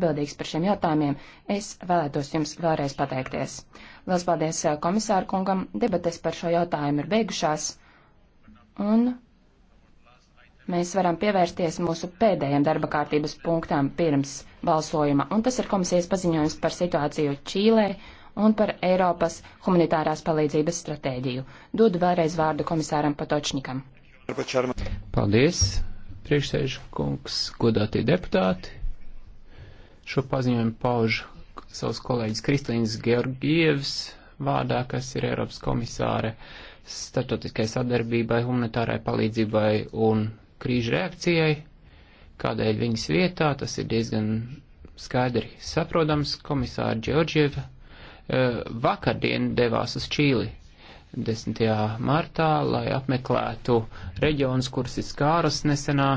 atbildīgs par šiem jautājumiem, es vēlētos jums vēlreiz pateikties. Lielas paldies eh, komisāru kungam, debates par šo jautājumu ir beigušās, un mēs varam pievērsties mūsu pēdējiem darba kārtības punktām pirms balsojuma, un tas ir komisijas paziņojums par situāciju Čīlē un par Eiropas humanitārās palīdzības stratēģiju. Dodu vēlreiz vārdu komisāram Patočnikam. Paldies, priekšsēžu kungs, godātie deputāti. Šo paziņojumu pauž savus kolēģis Kristīnas Georgievs vārdā, kas ir Eiropas komisāre starptautiskai sadarbībai, humanitārai palīdzībai un krīžu reakcijai. Kādēļ viņas vietā, tas ir diezgan skaidri saprotams, komisāra Georgieva eh, vakardien devās uz Čīli 10. martā, lai apmeklētu reģionus, kuras ir skāras nesenā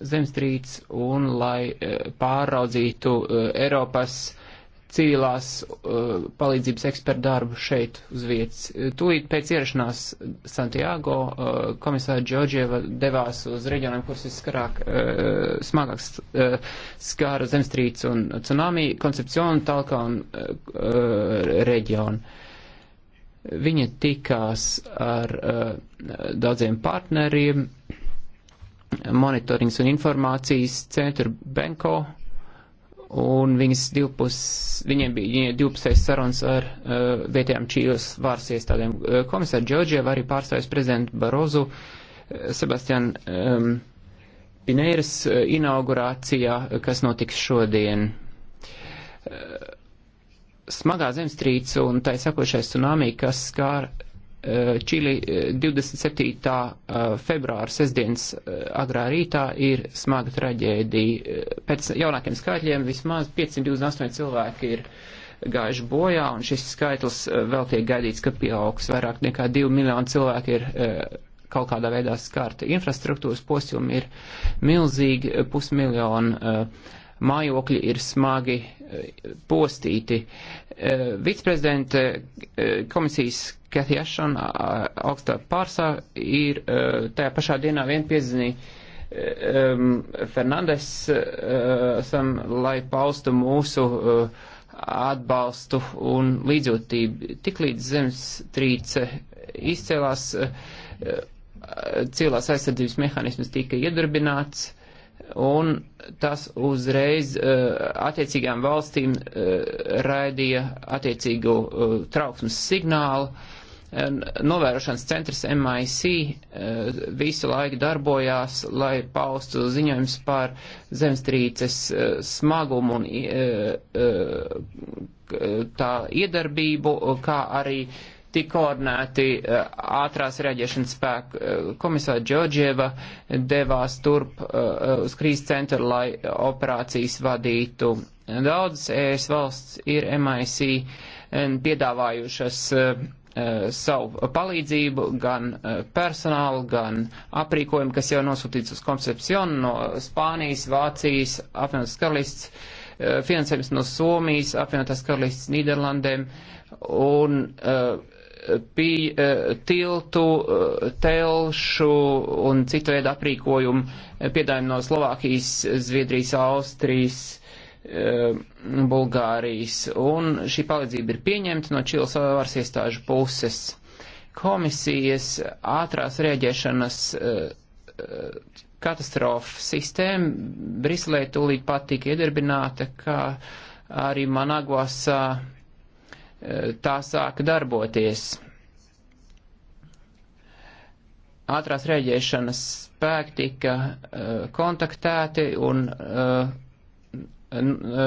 zemstrīts un lai e, pāraudzītu e, Eiropas civilās e, palīdzības ekspertu darbu šeit uz vietas. Tūlīt pēc ierašanās Santiago komisāra Džordžieva devās uz reģioniem, kuras viskarāk smagāks skāra zemstrīts un tsunami, koncepcionu, talka un reģionu. Viņa tikās ar daudziem partneriem, monitorings un informācijas centru Benko, un viņas divpus, viņiem bija viņa divpusējas sarunas ar uh, vietējām Čīles vārs iestādēm. Eh, Komisāri Džordžieva arī pārstāvis prezidentu Barozu, eh, Sebastian um, ehm, Pinēras inaugurācijā, kas notiks šodien. Uh, smagā zemstrīce un tā sakošais tsunami, kas skār Eh, Čīlī eh, 27. Eh, februāra sestdienas agrā rītā ir smaga traģēdija. Pēc jaunākiem skaitļiem vismaz 528 cilvēki ir gājuši bojā, un šis skaitlis vēl tiek gaidīts, ka pieaugs vairāk nekā 2 miljoni cilvēki ir kaut kādā veidā skarti. Infrastruktūras posjumi ir milzīgi, pusmiljonu mājokļi ir smagi postīti. Eh, Viceprezidenta eh, komisijas Kathy Ashton augstā pārsā ir eh, tajā pašā dienā vien piezinīja Fernandes esam, lai paustu mūsu atbalstu un līdzjūtību. Tiklīdz zemstrīce izcēlās, cilvēks aizsardzības mehānisms tika iedarbināts, un tas uzreiz uh, attiecīgām valstīm uh, raidīja attiecīgu uh, trauksmes signālu. Novērošanas centrs MIC visu laiku darbojās, lai paustu ziņojums par zemstrīces smagumu un tā iedarbību, kā arī uh, tik koordinēti eh, ātrās reaģēšanas spēku. Eh, komisāra Džodžieva devās turp eh, uz krīzes centru, lai operācijas vadītu. Daudzas ES valsts ir MIC piedāvājušas savu palīdzību, gan personālu, gan aprīkojumu, kas jau nosūtīts uz Koncepcionu no Spānijas, Vācijas, apvienotās karalists, finansējums no Somijas, apvienotās karalists Nīderlandēm un uh, pie eh, tiltu, eh, telšu un citu veidu aprīkojumu eh, piedājumu no Slovākijas, Zviedrijas, Austrijas, Bulgārijas. Un šī palīdzība ir pieņemta no Čīles varas iestāžu puses. Komisijas ātrās rēģēšanas katastrofa sistēma Briselē tūlīt pat tika iedarbināta, kā arī Managosā tā sāka darboties. Ātrās rēģēšanas spēki tika e, kontaktēti un e, e,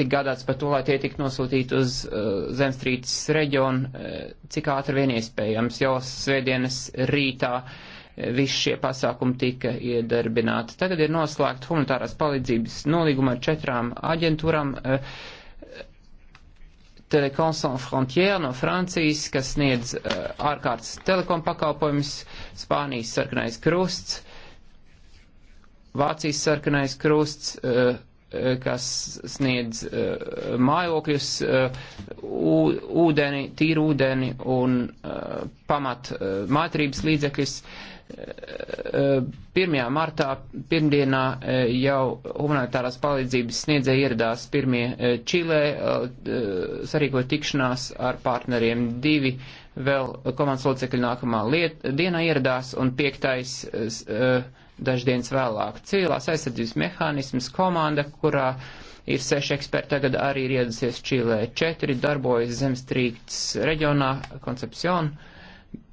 tik gādāts par to, lai tie tiktu nosūtīti uz uh, zemstrīces reģionu, uh, cik ātri vien iespējams. Jau svētdienas rītā uh, visi šie pasākumi tika iedarbināti. Tagad ir noslēgta humanitārās palīdzības nolīguma ar četrām aģentūram. Uh, Telekom eh, sans frontier no Francijas, kas sniedz uh, ārkārtas telekom pakalpojumus, Spānijas sarkanais krusts, Vācijas sarkanais krusts, uh, kas sniedz uh, mājokļus, uh, ūdeni, tīru ūdeni un uh, pamat uh, mātrības līdzekļus. Uh, 1. Eh, martā, pirmdienā eh, jau humanitārās palīdzības sniedzēji ieradās pirmie eh, Čilē, sarīkoja tikšanās ar partneriem divi, vēl komandas locekļi nākamā liet, dienā ieradās un piektais daždienas vēlāk. Civilās aizsardzības mehānisms komanda, kurā ir seši eksperti, tagad arī ir ieradusies Čilē. Četri darbojas zemstrīkts reģionā, Koncepcionu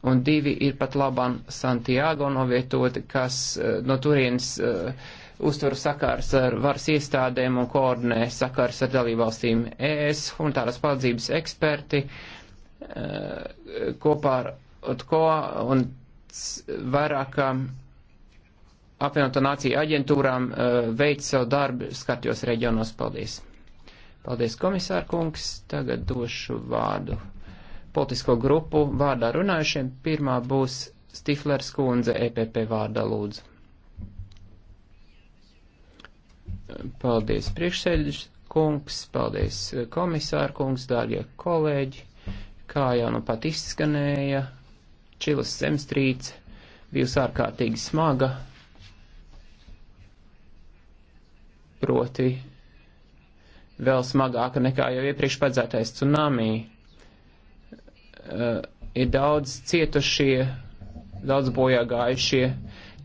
un divi ir pat labam Santiago novietoti, kas eh, no turienes uh, uztver sakars ar varas iestādēm un koordinē sakars ar dalībvalstīm. ES humanitāras palīdzības eksperti uh, kopā ar OTKO un vairākām apvienoto nāciju aģentūrām uh, veic savu darbu skatījos reģionos. Paldies! Paldies, komisārkungs! Tagad došu vārdu politisko grupu vārdā runājušiem. Pirmā būs Stiflers kundze EPP vārdā lūdzu. Paldies priekšsēdus kungs, paldies komisāru kungs, dārgie kolēģi. Kā jau nu pat izskanēja, Čilas zemstrīce bijusi ārkārtīgi smaga, proti vēl smagāka nekā jau iepriekš paredzētais tsunami uh, ir daudz cietušie, daudz bojā gājušie,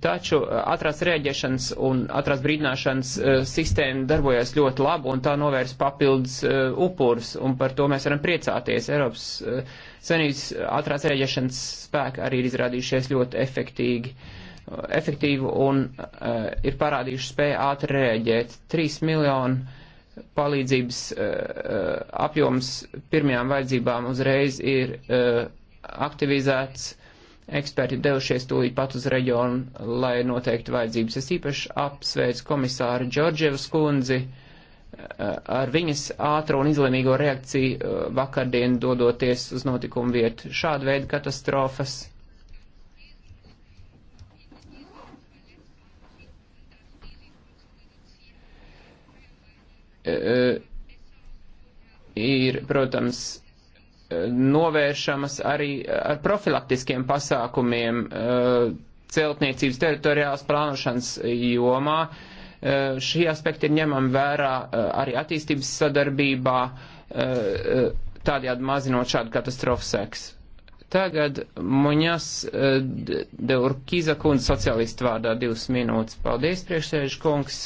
taču eh, atrās rēģēšanas un atrās brīdināšanas uh, sistēma darbojas ļoti labi un tā novērs papildus uh, upurus, un par to mēs varam priecāties. Eiropas uh, senības atrās rēģēšanas spēki arī ir izrādījušies ļoti efektīgi. Uh, efektīvu un uh, ir parādījuši spēju ātri rēģēt. 3 miljonu palīdzības eh, eh, apjoms pirmajām vajadzībām uzreiz ir eh, aktivizēts, eksperti devušies tūlīt pat uz reģionu, lai noteikti vajadzības. Es īpaši apsveicu komisāru Džordževas kundzi ar viņas ātro un izlēmīgo reakciju vakardien dodoties uz notikumu vietu. Šāda veida katastrofas Eh, ir, protams, eh, novēršamas arī ar profilaktiskiem pasākumiem eh, celtniecības teritoriālas plānošanas jomā. Šie aspekti ir ņemami vērā arī attīstības sadarbībā, tādējādi mazinot šādu katastrofu seks. Tagad Muņas Deurkiza kundze socialistu vārdā divas minūtes. Paldies, priekšsēžu kungs!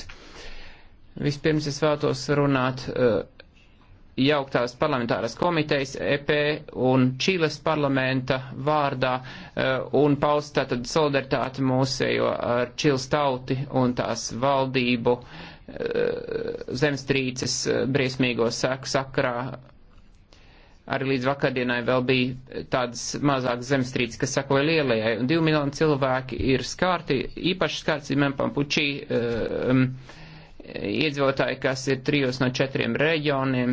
Vispirms es vēlos runāt eh, jauktās parlamentāras komitejas EP un Čīles parlamenta vārdā eh, un paust tātad solidaritāti mūsējo ar Čīles tauti un tās valdību eh, zemstrīces briesmīgo seku sakarā. Arī līdz vakardienai vēl bija tādas mazākas zemstrīces, kas sakoja lielajai, un divi miljoni cilvēki ir skārti, īpaši skārts ir Mempampučī. Uh, um, iedzīvotāji, kas ir trijos no četriem reģioniem.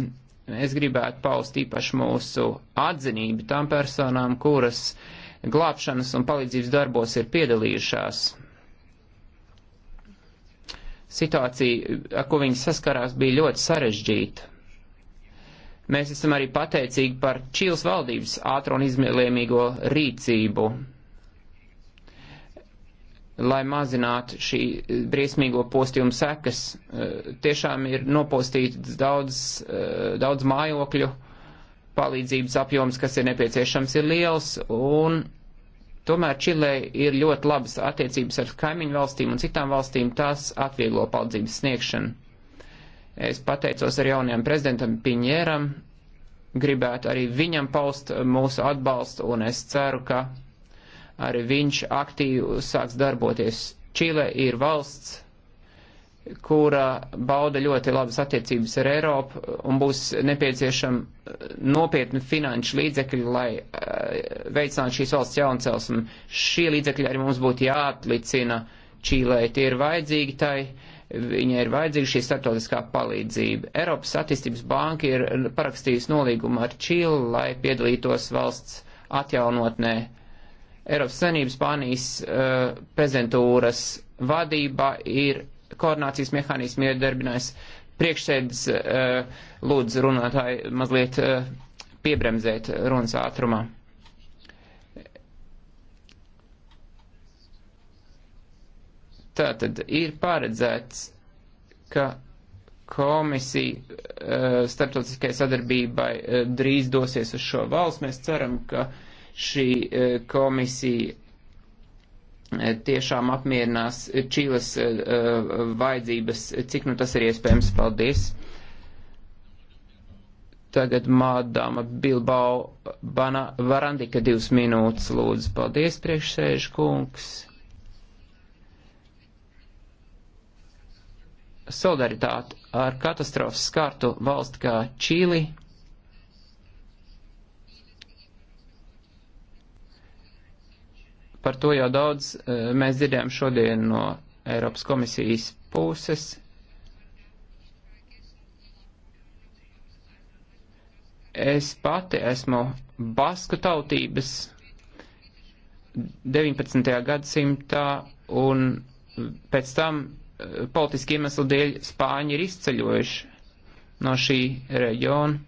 Es gribētu paust īpaši mūsu atzinību tām personām, kuras glābšanas un palīdzības darbos ir piedalījušās. Situācija, ar ko viņi saskarās, bija ļoti sarežģīta. Mēs esam arī pateicīgi par Čīles valdības ātro un izmēlēmīgo rīcību lai mazinātu šī briesmīgo postījumu sekas. Eh, tiešām ir nopostīts daudz, eh, daudz mājokļu, palīdzības apjoms, kas ir nepieciešams, ir liels, un tomēr Čilē ir ļoti labas attiecības ar kaimiņu valstīm un citām valstīm, tas atvieglo palīdzības sniegšanu. Es pateicos ar jaunajam prezidentam Piņēram, gribētu arī viņam paust eh, mūsu atbalstu, un es ceru, ka arī viņš aktīvi sāks darboties. Čile ir valsts, kura bauda ļoti labas attiecības ar Eiropu un būs nepieciešama eh, nopietna finanšu līdzekļi, lai eh, veicinātu šīs valsts jauncelsmi. Šie līdzekļi arī mums būtu jāatlicina Čīlē. Tie ir vajadzīgi tai, viņai ir vajadzīga šī starptautiskā palīdzība. Eiropas attīstības banka ir parakstījusi nolīgumu ar Čīlu, lai piedalītos valsts atjaunotnē Eiropas Savienības Spānijas uh, prezidentūras vadība ir koordinācijas mehānismu iedarbinājis priekšsēdz uh, eh, lūdzu runātāji mazliet uh, piebremzēt runas ātrumā. Tātad ir paredzēts, ka komisija uh, starptautiskai sadarbībai uh, drīz dosies uz šo valsts. Mēs ceram, ka uh, šī e, komisija e, tiešām apmierinās Čīles e, vajadzības, cik nu tas ir iespējams. Paldies! Tagad mādāma Bilbao Bana, Varandika divas minūtes lūdzu. Paldies, priekšsēžu kungs! Solidaritāte ar katastrofas skartu valsti kā Čīli Par to jau daudz eh, mēs dzirdējām šodien no Eiropas komisijas puses. Es pati esmu basku tautības 19. gadsimtā un pēc tam eh, politiski iemeslu dēļ Spāņi ir izceļojuši no šī reģiona,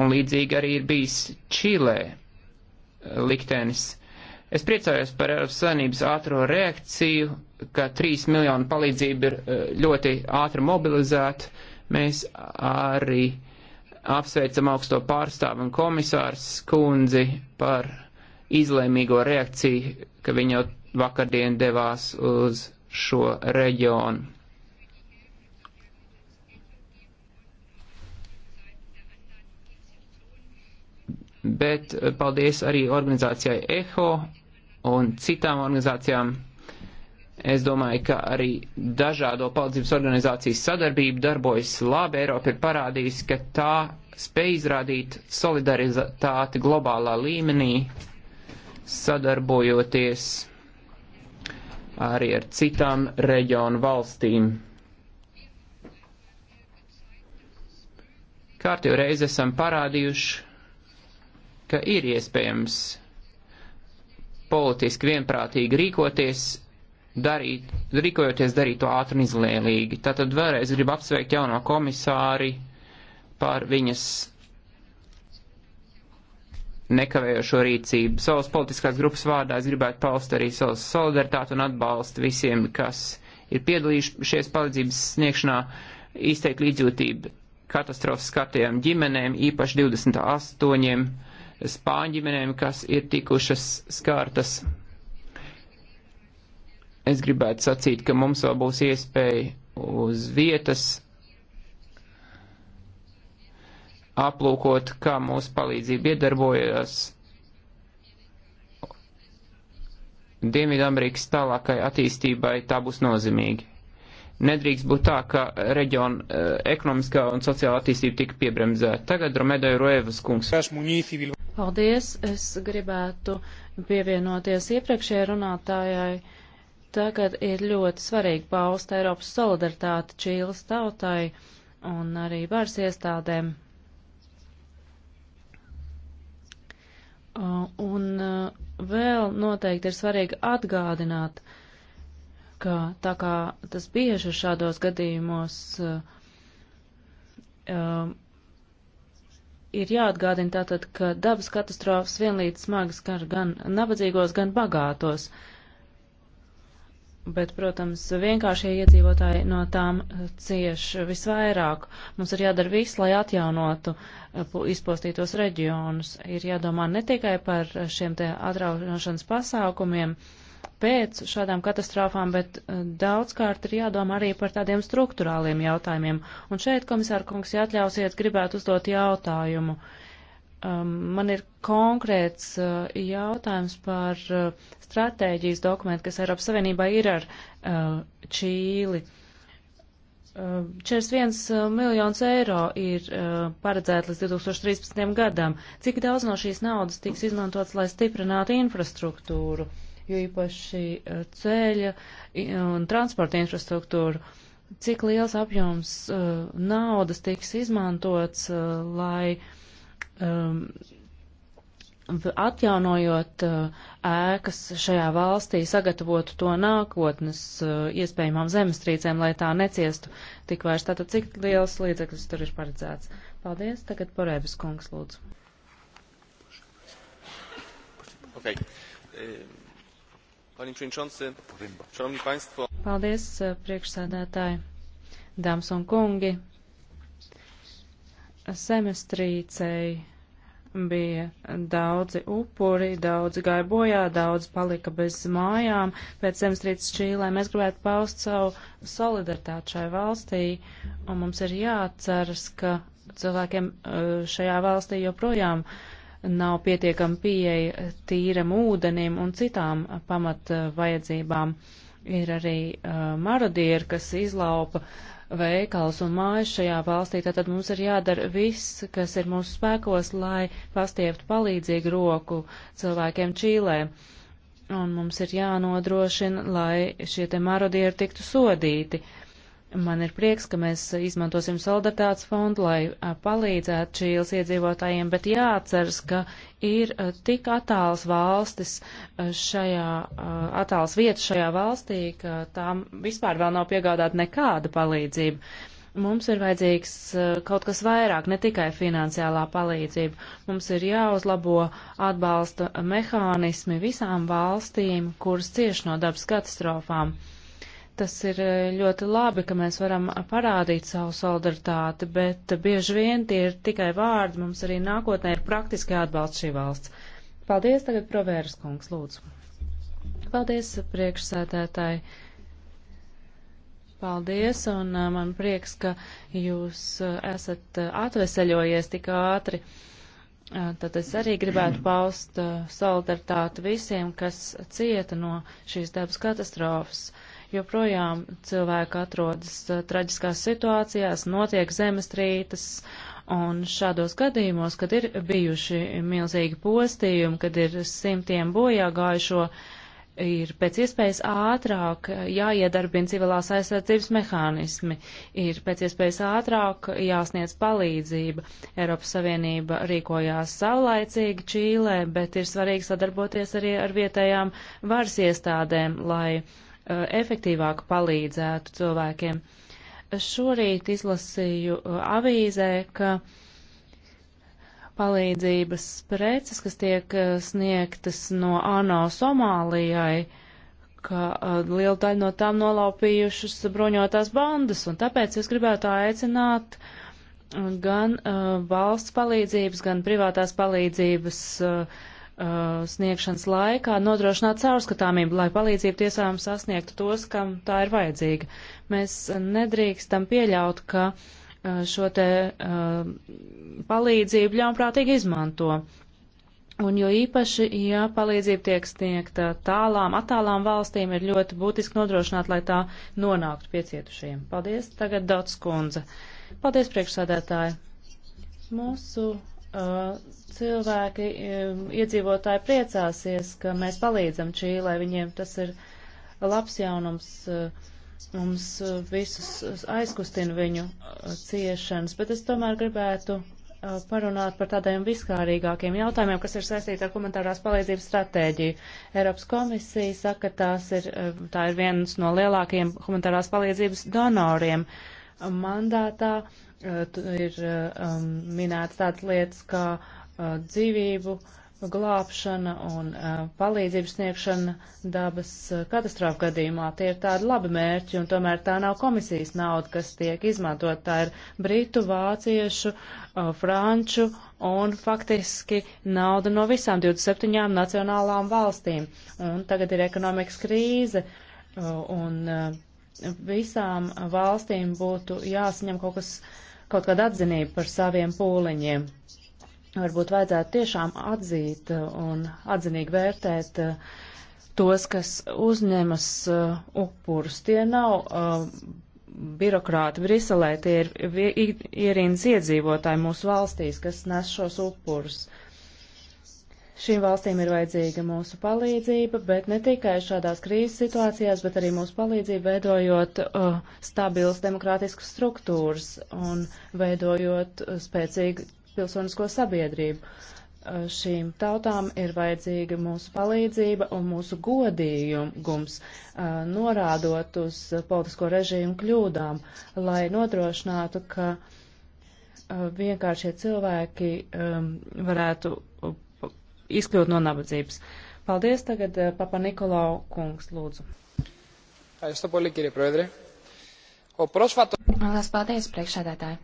un līdzīgi arī ir bijis Čīlē eh, liktenis. Es priecājos par Eiropas Savienības ātro reakciju, ka 3 miljonu palīdzība ir eh, ļoti ātri mobilizēta. Mēs arī apsveicam augsto pārstāvu un komisārs kundzi par izlēmīgo reakciju, ka viņa jau vakardien devās uz šo reģionu. bet eh, paldies arī organizācijai EHO un citām organizācijām. Es domāju, ka arī dažādo palīdzības organizācijas sadarbība darbojas labi. Eiropa ir parādījusi, ka tā spēj izrādīt solidaritāti globālā līmenī, sadarbojoties arī ar citām reģionu valstīm. Kārtīgi reiz esam parādījuši, ka ir iespējams politiski vienprātīgi rīkoties, darīt, rīkojoties darīt to ātri un izlēlīgi. Tātad vēlreiz gribu apsveikt jauno komisāri par viņas nekavējošo rīcību. Savas politiskās grupas vārdā es gribētu paust arī savu solidaritāti un atbalstu visiem, kas ir piedalījušies palīdzības sniegšanā, izteikt līdzjūtību katastrofas skatījām ģimenēm, īpaši 28 spāņu ģimenēm, kas ir tikušas skārtas. Es gribētu sacīt, ka mums vēl būs iespēja uz vietas aplūkot, kā mūsu palīdzība iedarbojas Dienvidamerikas tālākai attīstībai, tā būs nozīmīgi. Nedrīkst būt tā, ka reģiona eh, ekonomiskā un sociāla attīstība tika piebremzēta. Tagad Romedo Roevas kungs. Paldies! Es gribētu pievienoties iepriekšējai runātājai. Tagad ir ļoti svarīgi paust Eiropas solidaritāti Čīles tautai un arī varas iestādēm. Un uh, vēl noteikti ir svarīgi atgādināt, ka tā kā tas bieži šādos gadījumos uh, um, ir jāatgādina tātad, ka dabas katastrofas vienlīdz smagas kar gan nabadzīgos, gan bagātos. Bet, protams, vienkāršie iedzīvotāji no tām eh, cieš visvairāk. Mums ir jādara viss, lai atjaunotu eh, izpostītos reģionus. Ir jādomā ne tikai par eh, šiem te atraušanas pasākumiem, uh, pēc šādām katastrofām, bet eh, daudzkārt ir jādomā arī par tādiem struktūrāliem jautājumiem. Un šeit, komisāra kungs, ja atļausiet, gribētu uzdot jautājumu. Um, man ir konkrēts eh, jautājums par eh, stratēģijas dokumentu, kas Eiropas Savienībā ir ar Čīli. 41 miljonus eiro ir uh, paredzēta līdz 2013. gadam. Cik daudz no šīs naudas tiks izmantots, lai stiprinātu infrastruktūru? jo īpaši eh, ceļa un transporta infrastruktūru. Cik liels apjoms uh, naudas tiks izmantots, uh, lai um, atjaunojot ēkas šajā valstī, sagatavotu to nākotnes iespējamām zemestrīcēm, lai tā neciestu tik vairs. Tātad cik liels līdzeklis tur ir paredzēts? Paldies. Tagad Porēbis kungs lūdzu. Okay. Um. Paldies, e, priekšsēdētāji, dāmas un kungi. Semestrīcei bija daudzi upuri, daudzi gāja bojā, daudz palika bez mājām. Pēc zemestrīces Čīlē mēs gribētu paust savu solidaritāti šai valstī, un mums ir jāatceras, ka cilvēkiem e, šajā valstī joprojām nav pietiekama pieeja tīram ūdenim un citām pamat eh, vajadzībām. Ir arī uh, marodieri, kas izlaupa veikals un mājas šajā valstī, tātad mums ir jādara viss, kas ir mūsu spēkos, lai pastieptu palīdzīgu roku cilvēkiem Čīlē. Un mums ir jānodrošina, lai šie te marodieri tiktu sodīti. Uh, Man ir prieks, ka mēs izmantosim solidaritātes fondu, lai palīdzētu Čīles iedzīvotājiem, bet jāatceras, ka ir tik attāls valstis šajā, attāls vietas šajā valstī, ka tām vispār vēl nav piegādāta nekāda palīdzība. Mums ir vajadzīgs kaut kas vairāk, ne tikai finansiālā palīdzība. Mums ir jāuzlabo atbalsta mehānismi visām valstīm, kuras cieši no dabas katastrofām. Uh, Tas ir eh, ļoti labi, ka mēs varam parādīt savu solidaritāti, bet bieži vien tie ir tikai vārdi, mums arī nākotnē ir praktiski atbalsts šī valsts. Paldies tagad provēras kungs, lūdzu. Paldies priekšsētētāji. Paldies, un eh, man prieks, ka jūs eh, esat atveseļojies tik ātri. Tad es arī gribētu paust solidaritāti visiem, kas cieta no šīs dabas katastrofas. Uh, joprojām cilvēki atrodas eh, traģiskās situācijās, notiek zemestrītas, un šādos gadījumos, kad ir bijuši milzīgi postījumi, kad ir simtiem bojā gājušo, ir pēc iespējas ātrāk jāiedarbina civilās aizsardzības mehānismi, ir pēc iespējas ātrāk jāsniedz palīdzība. Eiropas Savienība rīkojās saulaicīgi Čīlē, bet ir svarīgi sadarboties arī ar vietējām varas iestādēm, lai Eh, efektīvāk palīdzētu cilvēkiem. Šorīt izlasīju eh, avīzē, ka palīdzības preces, kas tiek eh, sniegtas no ANO Somālijai, ka liela daļa no tām nolaupījušas bruņotās bandas, un tāpēc es gribētu aicināt gan uh, valsts palīdzības, gan privātās palīdzības uh, Uh, sniegšanas laikā nodrošināt caurskatāmību, lai palīdzību tiesām sasniegtu tos, kam tā ir vajadzīga. Mēs nedrīkstam pieļaut, ka uh, šo te uh, palīdzību ļaunprātīgi izmanto. Un jo īpaši, ja palīdzība tiek sniegta tālām, attālām valstīm, ir ļoti būtiski nodrošināt, lai tā nonāktu pie cietušajiem. Paldies, tagad Dots kundze. Paldies, priekšsādētāji. Mūsu uh, cilvēki, iedzīvotāji priecāsies, ka mēs palīdzam Čīlē, viņiem tas ir labs jaunums, eh, mums eh, visus aizkustina viņu eh, ciešanas, bet es tomēr gribētu parunāt par tādiem viskārīgākiem jautājumiem, kas ir saistīti ar komentārās palīdzības stratēģiju. Eiropas komisija saka, ka ir, tā ir viens no lielākajiem komentārās palīdzības donoriem mandātā. Uh, ir um, minētas tādas lietas kā Uh, dzīvību glābšana un uh, palīdzības sniegšana dabas uh, katastrofu gadījumā. Tie ir tādi labi mērķi, un tomēr tā nav komisijas nauda, kas tiek izmantot. Tā ir britu, vāciešu, franču un faktiski nauda no visām 27 nacionālām valstīm. Un tagad ir ekonomikas krīze, un visām valstīm būtu jāsaņem kaut kas, kaut kāda atzinība par saviem pūliņiem varbūt vajadzētu tiešām atzīt uh, un atzinīgi vērtēt uh, tos, kas uzņemas uh, upurus. Tie nav birokrāti Briselē, tie ir ierīnas iedzīvotāji mūsu valstīs, kas nes šos upurus. Šīm valstīm ir vajadzīga mūsu palīdzība, bet ne tikai šādās krīzes situācijās, bet arī mūsu palīdzība veidojot uh, stabilas demokrātiskas struktūras un veidojot spēcīgu pilsonisko sabiedrību. Šīm tautām ir vajadzīga mūsu palīdzība un mūsu godīgums, norādot uz politisko režīmu kļūdām, lai nodrošinātu, ka vienkāršie cilvēki varētu izkļūt no nabadzības. Paldies tagad Papa Nikolau kungs, lūdzu. Aizstu, Paldies, priekšādātāji.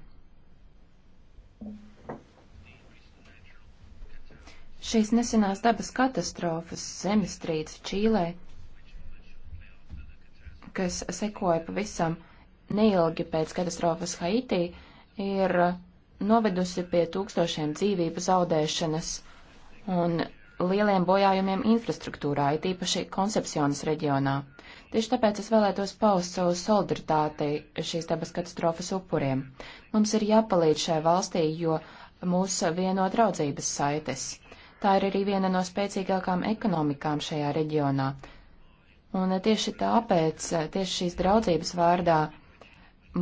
Šīs nesenās dabas katastrofas, zemestrīce Čīlē, kas sekoja pavisam neilgi pēc katastrofas Haitī, ir novedusi pie tūkstošiem dzīvību zaudēšanas un lieliem bojājumiem infrastruktūrā, it īpaši Koncepcionas reģionā. Tieši tāpēc es vēlētos paust savu solidaritāti šīs dabas katastrofas upuriem. Mums ir jāpalīdz šai valstī, jo mūs vieno draudzības saites. Tā ir arī viena no spēcīgākām ekonomikām šajā reģionā. Un tieši tāpēc, tieši šīs draudzības vārdā,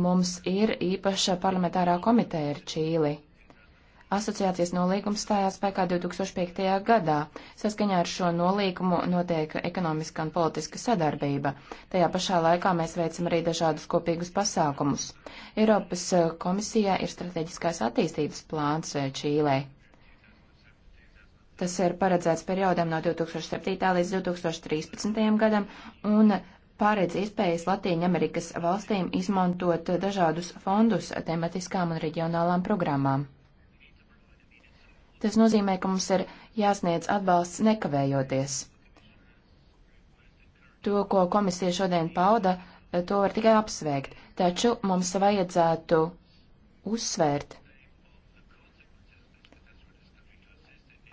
mums ir īpaša parlamentārā komiteja ar Čīli. Asociācijas nolīgums stājās spēkā 2005. gadā. Saskaņā ar šo nolīgumu notiek ekonomiska un politiska sadarbība. Tajā pašā laikā mēs veicam arī dažādus kopīgus pasākumus. Eiropas eh, komisijā ir strateģiskās attīstības plāns eh, Čīlē. Tas ir paredzēts periodam no 2007. līdz 2013. gadam un pārēdz iespējas Latīņa Amerikas valstīm izmantot dažādus fondus tematiskām un reģionālām programmām. Tas nozīmē, ka mums ir jāsniedz atbalsts nekavējoties. To, ko komisija šodien pauda, to var tikai apsveikt, taču mums vajadzētu uzsvērt,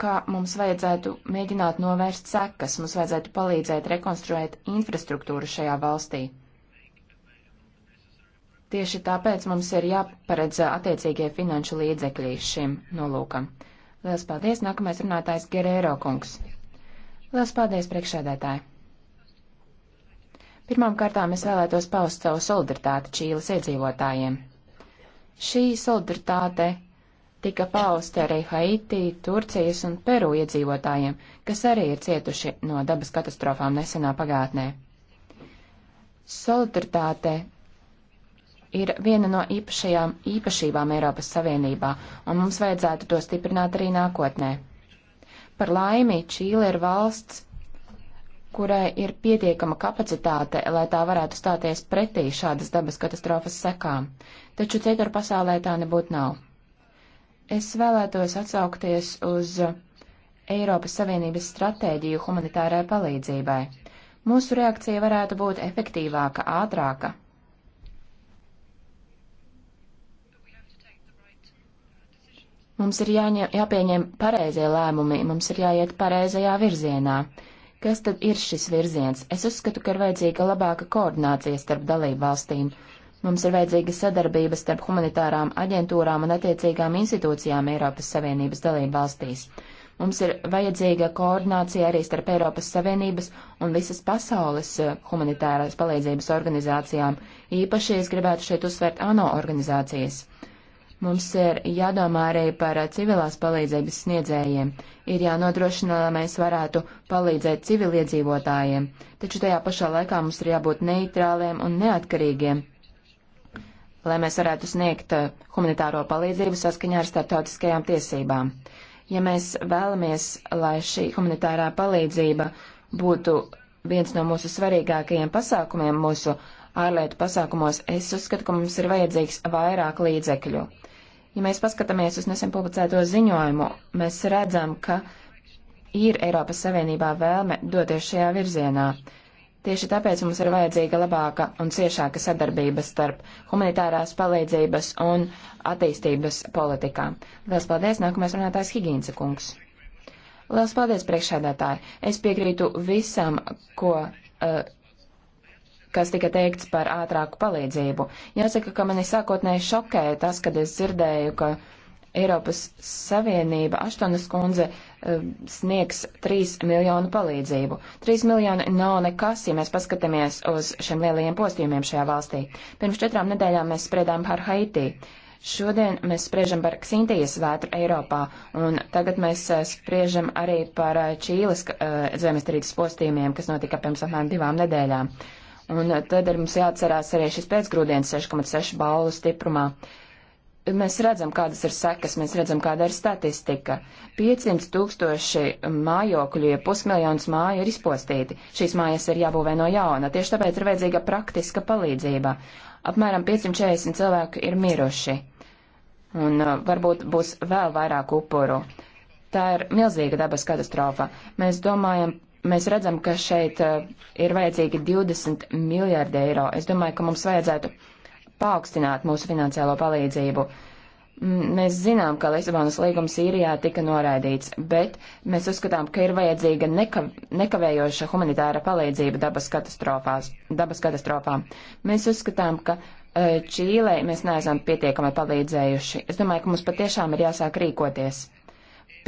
ka mums vajadzētu mēģināt novērst sekas, mums vajadzētu palīdzēt rekonstruēt infrastruktūru šajā valstī. Tieši tāpēc mums ir jāparedz attiecīgie finanšu līdzekļi šim nolūkam. Lielas paldies, nākamais runātājs Gerēro kungs. Lielas paldies, priekšsēdētāji. Pirmām kārtām es vēlētos paust savu solidaritāti Čīles iedzīvotājiem. Šī solidaritāte tika pausta arī Haiti, Turcijas un Peru iedzīvotājiem, kas arī ir cietuši no dabas katastrofām nesenā pagātnē. Solidaritāte ir viena no īpašajām īpašībām Eiropas Savienībā, un mums vajadzētu to stiprināt arī nākotnē. Par laimi, Čīle ir valsts, kurai ir pietiekama kapacitāte, lai tā varētu stāties pretī šādas dabas katastrofas sekām, taču citur pasaulē tā nebūtu nav. Es vēlētos atsaukties uz Eiropas Savienības stratēģiju humanitārai palīdzībai. Mūsu reakcija varētu būt efektīvāka, ātrāka. Mums ir jāņem, jāpieņem pareizie lēmumi, mums ir jāiet pareizajā virzienā. Kas tad ir šis virziens? Es uzskatu, ka ir vajadzīga labāka koordinācija starp dalību valstīm. Mums ir vajadzīga sadarbība starp humanitārām aģentūrām un attiecīgām institūcijām Eiropas Savienības dalību valstīs. Mums ir vajadzīga koordinācija arī starp Eiropas Savienības un visas pasaules eh, humanitārās palīdzības organizācijām, īpaši es gribētu šeit uzsvērt ANO organizācijas. Mums ir jādomā arī par civilās palīdzības sniedzējiem, ir jānodrošina, lai mēs varētu palīdzēt civiliedzīvotājiem, taču tajā pašā laikā mums ir jābūt neitrāliem un neatkarīgiem lai mēs varētu sniegt uh, humanitāro palīdzību saskaņā ar starptautiskajām tiesībām. Ja mēs vēlamies, lai šī humanitārā palīdzība būtu viens no mūsu svarīgākajiem pasākumiem mūsu ārlietu pasākumos, es uzskatu, ka mums ir vajadzīgs vairāk līdzekļu. Ja mēs paskatāmies uz nesen publicēto ziņojumu, mēs redzam, ka ir Eiropas Savienībā vēlme doties šajā virzienā. Tieši tāpēc mums ir vajadzīga labāka un ciešāka sadarbība starp humanitārās palīdzības un attīstības politikām. Lielas paldies, nākamais runātājs Higīnce kungs. Lielas paldies, priekšsēdētāji. Es piekrītu visam, ko, uh, kas tika teikts par ātrāku palīdzību. Jāsaka, ka mani sākotnēji šokēja tas, kad es dzirdēju, ka uh, Eiropas Savienība Aštonas kundze eh, sniegs 3 miljonu palīdzību. 3 miljoni nav nekas, ja mēs paskatāmies uz šiem lielajiem postījumiem šajā valstī. Pirms četrām nedēļām mēs spriedām par Haiti. Šodien mēs spriežam par Ksintijas vētru Eiropā, un tagad mēs eh, spriežam arī par eh, Čīles uh, zemestrīces postījumiem, kas notika pirms apmēram divām nedēļām. Un tad ir mums jāatcerās arī šis pēcgrūdienis 6,6 balvu stiprumā. Uh, mēs redzam, kādas ir sekas, mēs redzam, kāda ir statistika. 500 tūkstoši mājokļu, ja pusmiljons māju ir izpostīti. Šīs mājas ir jābūvē no jauna, tieši tāpēc ir vajadzīga praktiska palīdzība. Apmēram 540 cilvēku ir miruši, un uh, varbūt būs vēl vairāk upuru. Tā ir milzīga dabas katastrofa. Mēs domājam, mēs redzam, ka šeit uh, ir vajadzīgi 20 miljārdi eiro. Es domāju, ka mums vajadzētu paaugstināt mūsu finansiālo palīdzību. Mēs zinām, ka Lisabonas līgums Sīrijā tika noraidīts, bet mēs uzskatām, ka ir vajadzīga neka, nekavējoša humanitāra palīdzība dabas, dabas katastrofām. Mēs uzskatām, ka e, Čīlei mēs neesam pietiekami palīdzējuši. Es domāju, ka mums patiešām ir jāsāk rīkoties.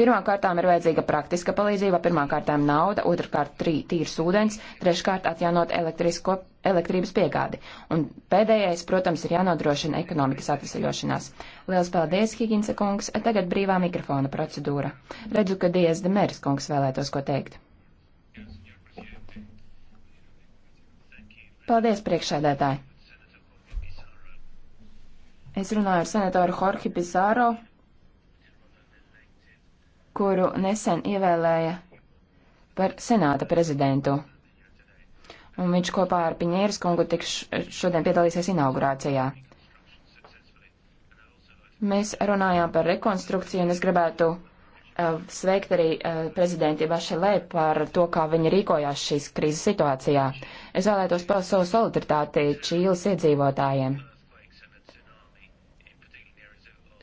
Pirmkārtām ir vajadzīga praktiska palīdzība, pirmkārtām nauda, otrkārt trī, tīrs ūdens, treškārt atjaunot elektrības piegādi. Un pēdējais, protams, ir jānodrošina ekonomikas atvesaļošanās. Liels paldies, Higinsa kungs, tagad brīvā mikrofona procedūra. Redzu, ka Dievs Demērs kungs vēlētos ko teikt. Paldies, priekšsēdētāji! Es runāju ar senatoru Jorge Pizarro kuru nesen ievēlēja par senāta prezidentu. Un viņš kopā ar Piņēras kungu tiks šodien piedalīsies inaugurācijā. Mēs runājām par rekonstrukciju, un es gribētu uh, sveikt arī uh, prezidenti Bašelē par to, kā viņi rīkojās šīs krīzes situācijā. Es vēlētos paust savu solidaritāti Čīles iedzīvotājiem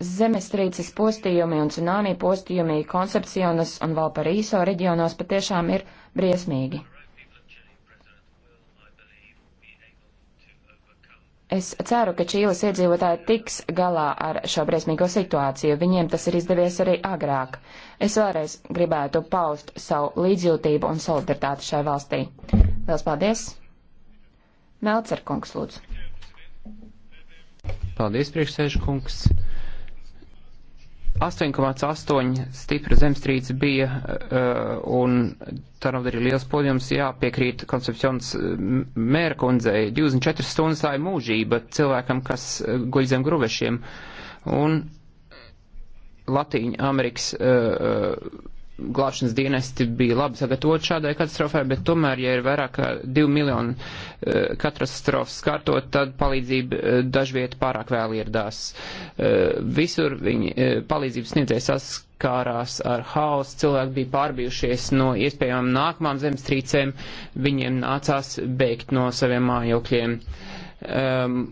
zemestrīces postījumi un cunāmī postījumi Koncepcionas un Valparīso reģionos patiešām ir briesmīgi. Es ceru, ka Čīles iedzīvotāji tiks galā ar šo briesmīgo situāciju. Viņiem tas ir izdevies arī agrāk. Es vēlreiz gribētu paust savu līdzjūtību un solidaritāti šai valstī. Lielas paldies! Melcerkungs, lūdzu. Paldies, priekšsēžkungs. kungs 8,8 stipra zemstrīce bija eh, un tā nav arī liels podījums jāpiekrīt koncepcijons eh, mēra kundzei. 24 stundas tā ir mūžība cilvēkam, kas eh, guļ zem gruvešiem. Un Latīņa Amerikas uh, glābšanas dienesti bija labi sagatavoti šādai katastrofai, bet tomēr, ja ir vairāk kā 2 miljonu uh, eh, katastrofas skartot, tad palīdzība uh, dažviet pārāk vēl ieradās. Uh, eh, visur viņi uh, palīdzības sniedzēja saskārās ar haosu, cilvēki bija pārbijušies no iespējām nākamām zemestrīcēm, viņiem nācās beigt no saviem mājokļiem. Um,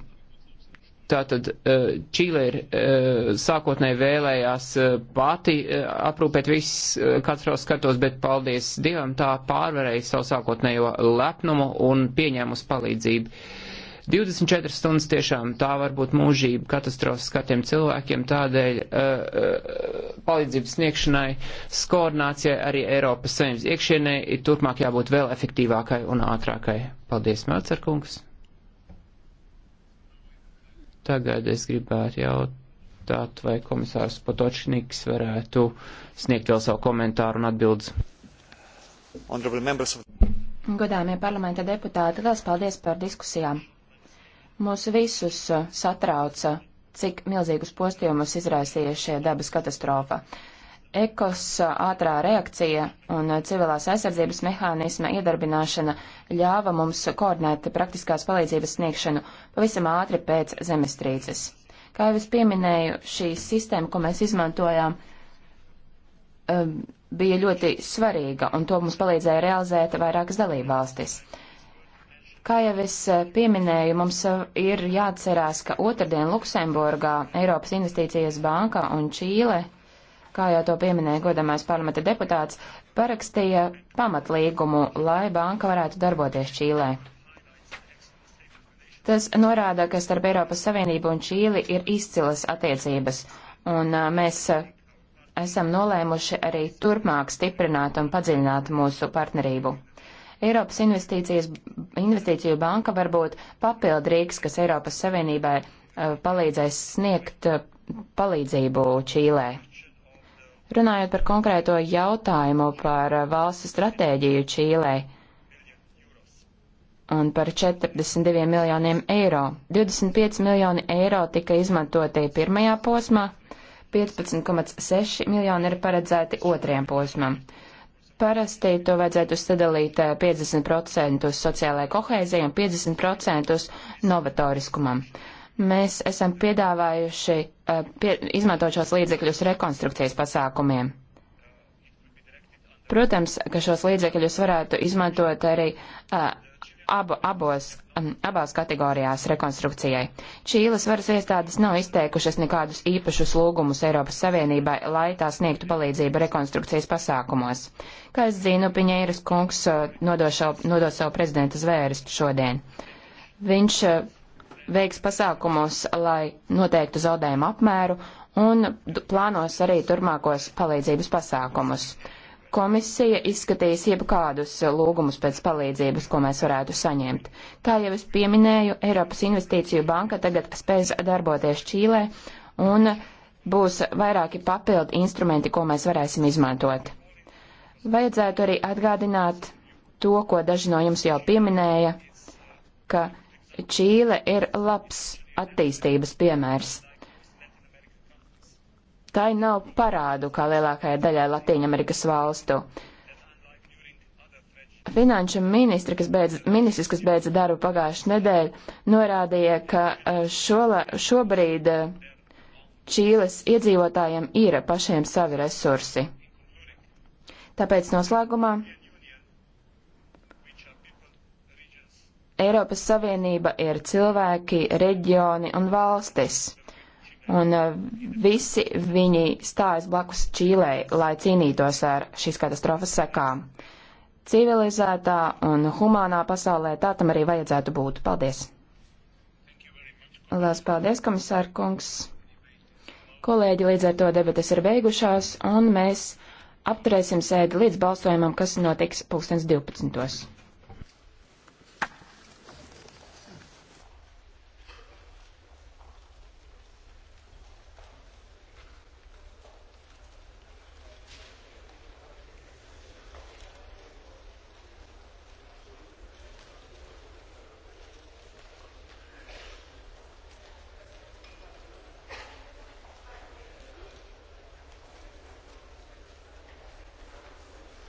Tātad eh, Čīle ir eh, sākotnēji vēlējās pati eh, aprūpēt visus katros skatos, bet paldies Dievam tā pārvarēja savu sākotnējo lepnumu un pieņēmus palīdzību. 24 stundas tiešām tā var būt mūžība katastrofas skatiem cilvēkiem, tādēļ uh, palīdzības sniegšanai, skoordinācijai arī Eiropas saimnes iekšienē ir turpmāk jābūt vēl efektīvākai un ātrākai. Paldies, Melcerkungs! Tagad es gribētu jautāt, vai komisārs Potočniks varētu sniegt vēl savu komentāru un atbildes. Godāmie parlamenta deputāti, liels paldies par diskusijām. Mūs visus uh, satrauca, cik milzīgus postījumus izraisīja šie dabas katastrofa. Ekos ātrā reakcija un civilās aizsardzības mehānisma iedarbināšana ļāva mums koordinēt praktiskās palīdzības sniegšanu pavisam ātri pēc zemestrīces. Kā jau es pieminēju, šī sistēma, ko mēs izmantojām, bija ļoti svarīga, un to mums palīdzēja realizēt vairākas dalībvalstis. Kā jau es pieminēju, mums ir jāatcerās, ka otrdien Luksemburgā Eiropas Investīcijas banka un Čīle kā jau to pieminēja godamais parlamenta deputāts, parakstīja pamatlīgumu, lai banka varētu darboties Čīlē. Tas norāda, ka starp Eiropas Savienību un Čīli ir izcilas attiecības, un mēs esam nolēmuši arī turpmāk stiprināt un padziļināt mūsu partnerību. Eiropas Investīciju banka var būt papildrīgs, kas Eiropas Savienībai palīdzēs sniegt palīdzību Čīlē. Runājot par konkrēto jautājumu par eh, valsts stratēģiju Čīlē un par 42 miljoniem eiro. 25 miljoni eiro tika izmantoti pirmajā posmā, 15,6 miljoni ir paredzēti otrajam posmam. Parasti to vajadzētu sadalīt 50% eh, sociālajai kohēzijai un 50% novatoriskumam mēs esam piedāvājuši eh, pie, izmantot šos līdzekļus rekonstrukcijas pasākumiem. Protams, ka šos līdzekļus varētu izmantot arī eh, abu, abos, mm, abās kategorijās rekonstrukcijai. Čīles varas iestādes nav izteikušas nekādus īpašus lūgumus Eiropas Savienībai, lai tā sniegtu palīdzību rekonstrukcijas pasākumos. Kā es zinu, Piņēras kungs eh, nodos savu, nodos savu prezidenta zvērstu šodien. Viņš veiks pasākumus, lai noteiktu zaudējumu apmēru un plānos arī turmākos palīdzības pasākumus. Komisija izskatīs jebkādus lūgumus pēc palīdzības, ko mēs varētu saņemt. Kā jau es pieminēju, Eiropas Investīciju banka tagad spēs darboties Čīlē un būs vairāki papildu instrumenti, ko mēs varēsim izmantot. Vajadzētu arī atgādināt to, ko daži no jums jau pieminēja, ka Čīle ir labs attīstības piemērs. Tai nav parādu kā lielākajai daļai Latīņamerikas valstu. Finanšu ministri, kas beidz, ministrs, kas beidza darbu pagājušajā nedēļā, norādīja, ka eh, šola, šobrīd eh, Čīles iedzīvotājiem ir pašiem savi resursi. Tāpēc noslēgumā Eiropas Savienība ir cilvēki, reģioni un valstis. Un uh, visi viņi stājas blakus Čīlē, lai cīnītos ar šīs katastrofas sekām. Civilizētā un humānā pasaulē tā tam arī vajadzētu būt. Paldies! Lielas paldies, komisāra kungs! Kolēģi, līdz ar to debatas ir beigušās, un mēs apturēsim sēdi līdz balsojumam, kas notiks 2012.